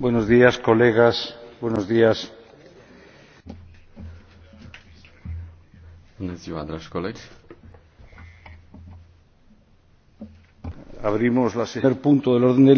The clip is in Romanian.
Buenos días, colegas. Buenos días. Bună ziua, dragi colegi. Abrimos la primer punto del orden del